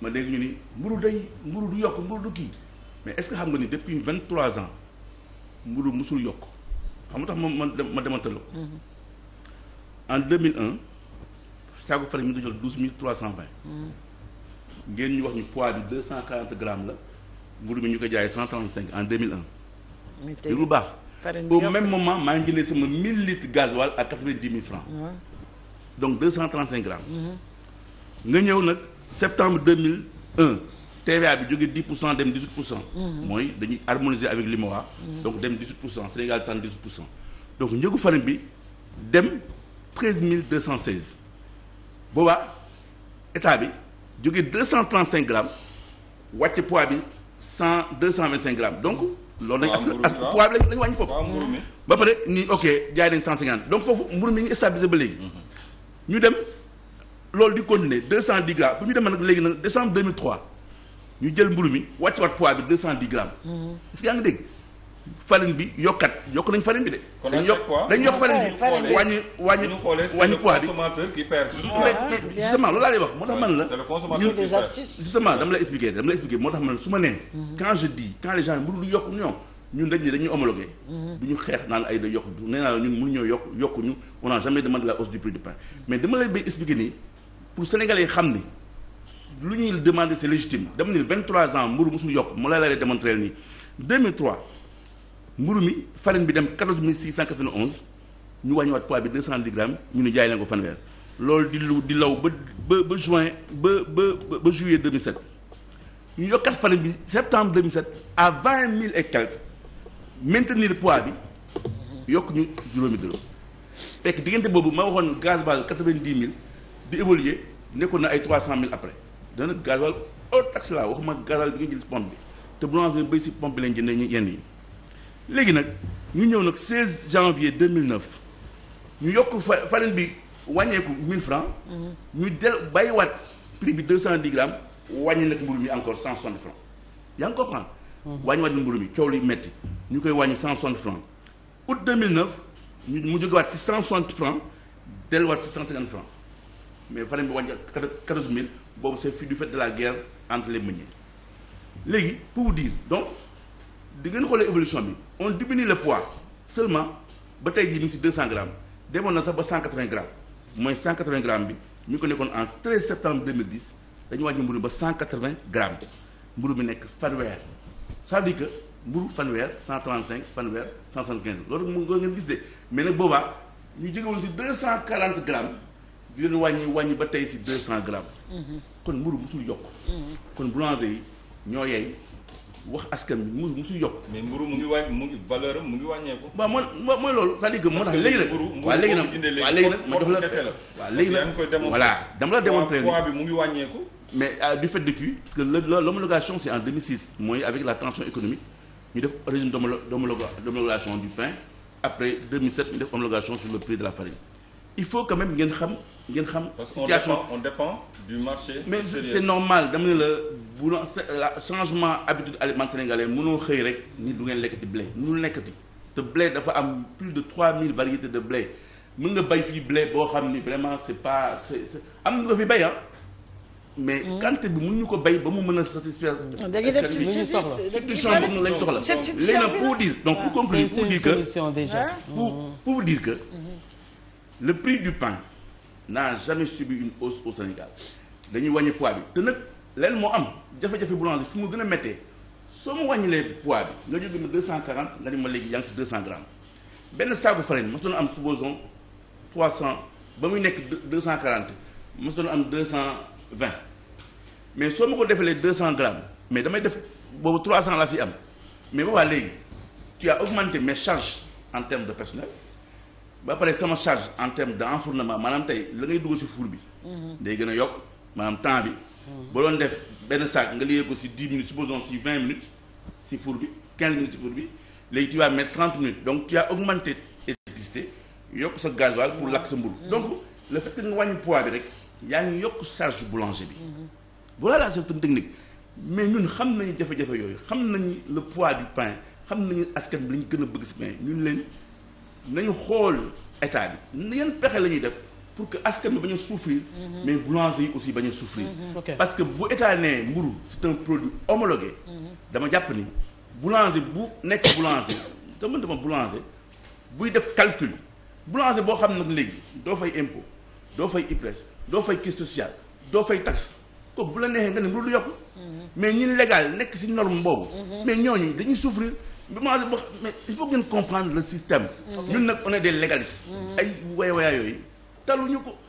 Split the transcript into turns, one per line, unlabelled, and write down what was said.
ma dégg ñu ni mburu day mburu du yokk mburu du kii mais est-ce que xam nga ni depuis vingt trois ans mburu musul yokk xam nga tax ma ma demantaloo mm-hmm. en deux mille un saako farine mi ngi jël douze mille trois cent vingt mm-hmm. ngeen ñu wax ñu poids bi deux cent quarante grammes la mburu mi ñu ko jaayee cent trente cinq en deux mille un di lu baax au même moment maa ngi jëlee sama mille litres gasoil à quatre vingt dix mille francs mm-hmm. donc deux cent trente cinq grammes nga ñëw nag septembre 2001 TVA bi jóge 10 pour cent dem 18 pour cent. mooy dañuy harmoniser avec l'UEMOA. donc dem 18 pour cent Sénégal tànn 18 pour cent donc njëgu farine bi dem mille cent 216 booba état bi jógee 235 grammes wàcce poids bi 100 225 grammes donc. loolu lañ as poids bi lañ wàññi foofu. ba pare ni ok jaay nañ 150 donc foofu mburu mi ngi stabilisé ba léegi. ñu dem. loolu di continuer deux cent dix bu ñu demee nag léegi nag décembre deux mille mi wàcc waat poids bi deux mm-hmm. bi yokkat yokk nañ farine bi de. dañ yokk dañ yokk farine bi wàññi wàññi wàññi poids bi. mais justement loolu laa lay wax moo tax man la. ñun justement dama la expliquer dama la su ma nee. Mm-hmm. quand je dis quand les gens mburu du yokk mm-hmm. du ñu xeex naan ay da yokk la ñun mënuñoo yokk yokkuñu on n'a jamais demandé la hausse du prix du pain mais dama lay bay expliquer nii pour sénégalais yi xam ni lu ñuy demander c'est légitime dama ni 23 ans mburu musul yokk mu la lay démontrer nii 2003 mburu mi farine bi dem cent 14 691 ñu wàññiwaat poids bi cent grammes ñu ni jaay leen ko fanweer loolu di lu di law ba ba ba juin ba ba ba juillet 2007 ñu yokkat farine bi septembre 2007 à 20 000 et quelques maintenir poids bi yokk ñu juróomi dërëm fekk diggante boobu gaz base 90 000 di évoluer nekkoon na ay trois cent 300000 après dana gasoil haute taxe la waxuma gasoil bi nga jël si pompe bi te boulanger béy si pompe bi lañ jëndee yenn yi. léegi nag ñu ñëw nag 16 janvier 2009 ñu yokk fa farine bi wàññeeku 1000 francs ñu del bàyyiwaat prix bi 210 grammes wàññi nag mburu mi encore 160 francs yaa ngi comprendre. Mhm. wàññiwaat na mburu mi coow li metti ñu koy wàññi 160 francs août 2009 ñu mu jógewaat si 160 francs delluwaat si 150 francs mais farine bi wàññi ak quatorze mille boobu c'est fii du fait de la guerre entre les meuniers léegi pour vous donc di ngeen xoole évolution bi on diminue le pois seulement ba tey jii mi si deux cent grammes demoon na sax ba cent quatre-vingts grammes mooy cent quatre-vingts grammes bi ñu ko nekkoon en treize septembre deux mille dix dañu wàññi mburu ba cent quatre-vingts grammes mburu bi nekk fanweer c'est-à-dire que mburu fanweer cent trente-cinq fanweer cent soixante-quinze loolu mu ngeen gis mais nag boobaa ñu jóge woon si deux cent quarante grammes di leen wàññi wàññi ba tey si deux cent grammes. Mm-hmm. kon mburu musul yokk. Mm-hmm. kon boulanger yi ñoo yey wax askan bi mu musul yokk. mais mburu mu ngi wàññeeku. waaw mooy mooy loolu c'est-à-dire que moo tax léegi nag. waaw léegi nag waaw léegi nag euh, mooy avec la tension économique ñu def régime d'homologation du pain après 2007 ñu def homologation sur le prix de la farine. il faut quand même ngeen xam ngeen xam. situation on dépend du marché. mais c'est normal dama ne la bu la changement habitude alimentaire sénégalais mënoo xëy rek ni du ngeen lekkati blé mënul lekkati te blé dafa am plus de 3000 variétés de blé mën nga bay fii blé boo xam ni vraiment c'est pas c'est am na fi bay ah. mais hmm. quantité bi mënuñu ko bay ba mu mën a satisfaire. da ngay def substitution substitution boobu lañ soxla. substitution pour dire donc pour ah. conclure pour dire que. pour hmm. le prix du pain n'a jamais subi une hausse au Sénégal dañuy wàññi poids bi te nag leen moo am jafe-jafe boulanger fu mu gën a méttee soo ma wàññilee poids bi nga jóge ma deux cent quarante nga ne ma léegi yaa ngi si deux cent grammes benn saaku farine mas doon am supposons trois cent ba muy nekk deux cent quarante mas doon am deux cent vingt mais soo ma ko defalee deux cent grammes mais damay def boobu trois cent laa si am mais boobaa léegi tu as augmenté mes en termes de personnel ba pare sama charge en terme d' enfournement maanaam tey la ngay dugg si four bi. Mhm. day gën a yokk maanaam temps bi. Mhm. ba doon def benn sac nga liggéey ko si 10 minutes supposons si 20 minutes si four bi 15 minutes si four bi léegi tu vas mettre 30 minutes donc tu as augmenté l'électricité yokk sa gasoil pour lakk sa mburu mhm. donc le fait que nga wàññi poids bi rek yaa ngi yokk charge boulanger bi. voilà la certaine technique mais ñun xam nañu jafe yooyu xam nañu le poids du pain xam nañu askan bi ñu gën a bëgg si ñun leen. nañu xool état bi yan pexe la ñuy def pour que askan bi bañ a mhm. mais boulanger yi aussi bañ a souffrir. Mhm. parce que bu état nee mburu c'est un produit homologué. Mhm. dama jàpp ni boulanger bu nekk boulanger dama dama boulanger buy def calcul boulanger boo xam nag léegi doo fay impôt doo fay IPRES doo fay caisse sociale doo fay taxe kooku bu la neexee nga ne mburu du yokk. mais ñin légal nekk ci norme boobu. mais ñooñu dañuy souffrir. ma mais il faut ngeen comprendre le système. ñun nag on est des légalistes. Mm. ay waya waya yooyu ko.